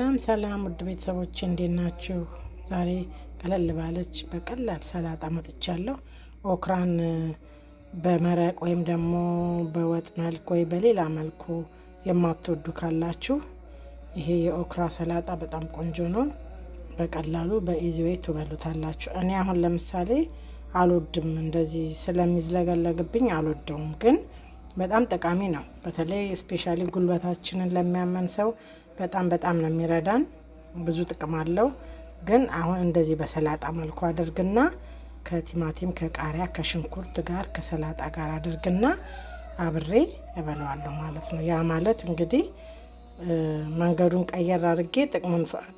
ሰላም ሰላም ውድ ቤተሰቦች እንዴት ናችሁ? ዛሬ ቀለል ባለች በቀላል ሰላጣ መጥቻለሁ። ኦክራን በመረቅ ወይም ደግሞ በወጥ መልክ ወይ በሌላ መልኩ የማትወዱ ካላችሁ ይሄ የኦክራ ሰላጣ በጣም ቆንጆ ነው። በቀላሉ በኢዚዌይ ትበሉታላችሁ። እኔ አሁን ለምሳሌ አልወድም፣ እንደዚህ ስለሚዝለገለግብኝ አልወደውም፣ ግን በጣም ጠቃሚ ነው። በተለይ ስፔሻሊ ጉልበታችንን ለሚያመን ሰው በጣም በጣም ነው የሚረዳን። ብዙ ጥቅም አለው። ግን አሁን እንደዚህ በሰላጣ መልኩ አድርግና ከቲማቲም ከቃሪያ ከሽንኩርት ጋር ከሰላጣ ጋር አድርግና አብሬ እበለዋለሁ ማለት ነው። ያ ማለት እንግዲህ መንገዱን ቀየር አድርጌ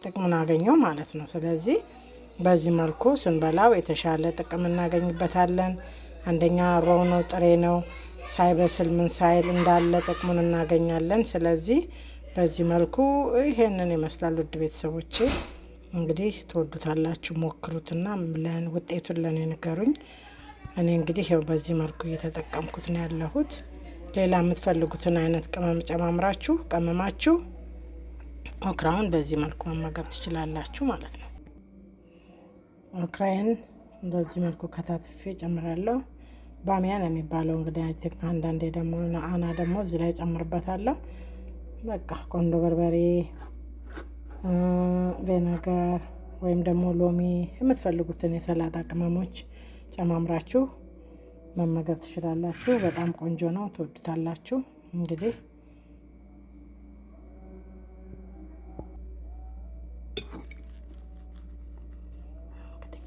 ጥቅሙን አገኘው ማለት ነው። ስለዚህ በዚህ መልኩ ስንበላው የተሻለ ጥቅም እናገኝበታለን። አንደኛ ሮው ነው፣ ጥሬ ነው፣ ሳይበስል ምን ሳይል እንዳለ ጥቅሙን እናገኛለን። ስለዚህ በዚህ መልኩ ይሄንን ይመስላል። ውድ ቤተሰቦች እንግዲህ ትወዱታላችሁ፣ ሞክሩትና ውጤቱን ለእኔ ንገሩኝ። እኔ እንግዲህ ያው በዚህ መልኩ እየተጠቀምኩት ነው ያለሁት። ሌላ የምትፈልጉትን አይነት ቅመም ጨማምራችሁ ቀመማችሁ ኦክራውን በዚህ መልኩ መመገብ ትችላላችሁ ማለት ነው። ኦክራዬን በዚህ መልኩ ከታትፌ ጨምራለሁ። ባሚያን የሚባለው እንግዲህ አንዳንዴ ደግሞ አና ደግሞ እዚህ ላይ ጨምርበታለሁ። በቃ ቆንዶ በርበሬ፣ ቬነገር ወይም ደግሞ ሎሚ የምትፈልጉትን የሰላጣ ቅመሞች ጨማምራችሁ መመገብ ትችላላችሁ። በጣም ቆንጆ ነው፣ ትወዱታላችሁ። እንግዲህ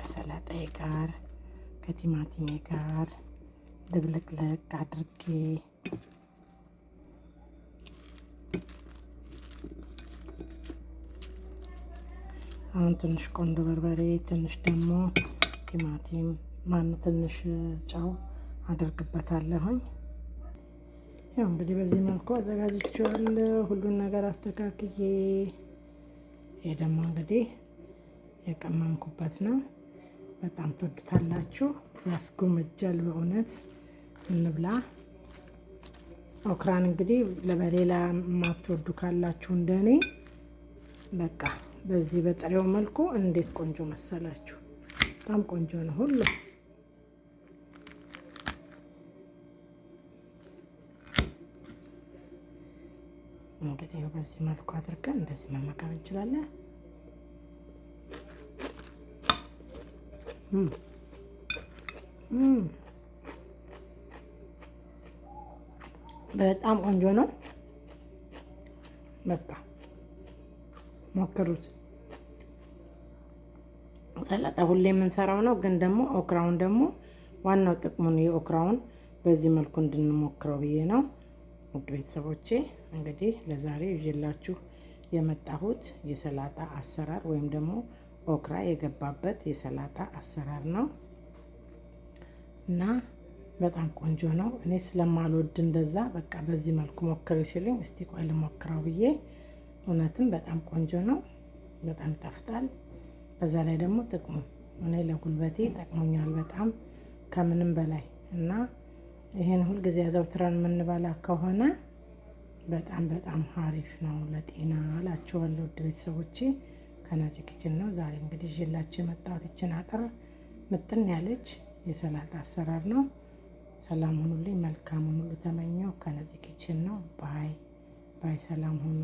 ከሰላጣዬ ጋር ከቲማቲሜ ጋር ድብልቅልቅ አድርጌ አሁን ትንሽ ቆንዶ በርበሬ፣ ትንሽ ደግሞ ቲማቲም ማን ትንሽ ጨው አደርግበታለሁኝ። ያው እንግዲህ በዚህ መልኩ አዘጋጅቼዋለሁ። ሁሉን ነገር አስተካክዬ ይሄ ደግሞ እንግዲህ የቀመምኩበት ነው። በጣም ትወዱታላችሁ። ያስጎመጃል በእውነት እንብላ። ኦክራን እንግዲህ በሌላ የማትወዱ ካላችሁ እንደኔ በቃ በዚህ በጥሬው መልኩ እንዴት ቆንጆ መሰላችሁ! በጣም ቆንጆ ነው ሁሉ እንግዲህ በዚህ መልኩ አድርገን እንደዚህ መመገብ እንችላለን። በጣም ቆንጆ ነው በቃ ሞክሩት። ሰላጣ ሁሌ የምንሰራው ነው፣ ግን ደግሞ ኦክራውን ደግሞ ዋናው ጥቅሙን የኦክራውን በዚህ መልኩ እንድንሞክረው ብዬ ነው። ውድ ቤተሰቦቼ እንግዲህ ለዛሬ ይዤላችሁ የመጣሁት የሰላጣ አሰራር ወይም ደግሞ ኦክራ የገባበት የሰላጣ አሰራር ነው እና በጣም ቆንጆ ነው። እኔ ስለማልወድ እንደዛ በቃ በዚህ መልኩ ሞክሪ ሲሉኝ እስቲ ቆይ ልሞክረው ብዬ እውነትም በጣም ቆንጆ ነው። በጣም ይጣፍጣል። በዛ ላይ ደግሞ ጥቅሙ እኔ ለጉልበቴ ጠቅሞኛል በጣም ከምንም በላይ እና ይህን ሁልጊዜ አዘውትረን የምንበላ ከሆነ በጣም በጣም አሪፍ ነው ለጤና እላችኋለሁ። ውድ ቤተሰቦቼ ከነዚህ ኪችን ነው ዛሬ እንግዲህ ይዤላችሁ የመጣሁት ይችን አጥር ምጥን ያለች የሰላጣ አሰራር ነው። ሰላም ሁኑልኝ። መልካሙን ሁሉ ተመኘው። ከነዚህ ኪችን ነው። ባይ ባይ። ሰላም ሁኑ።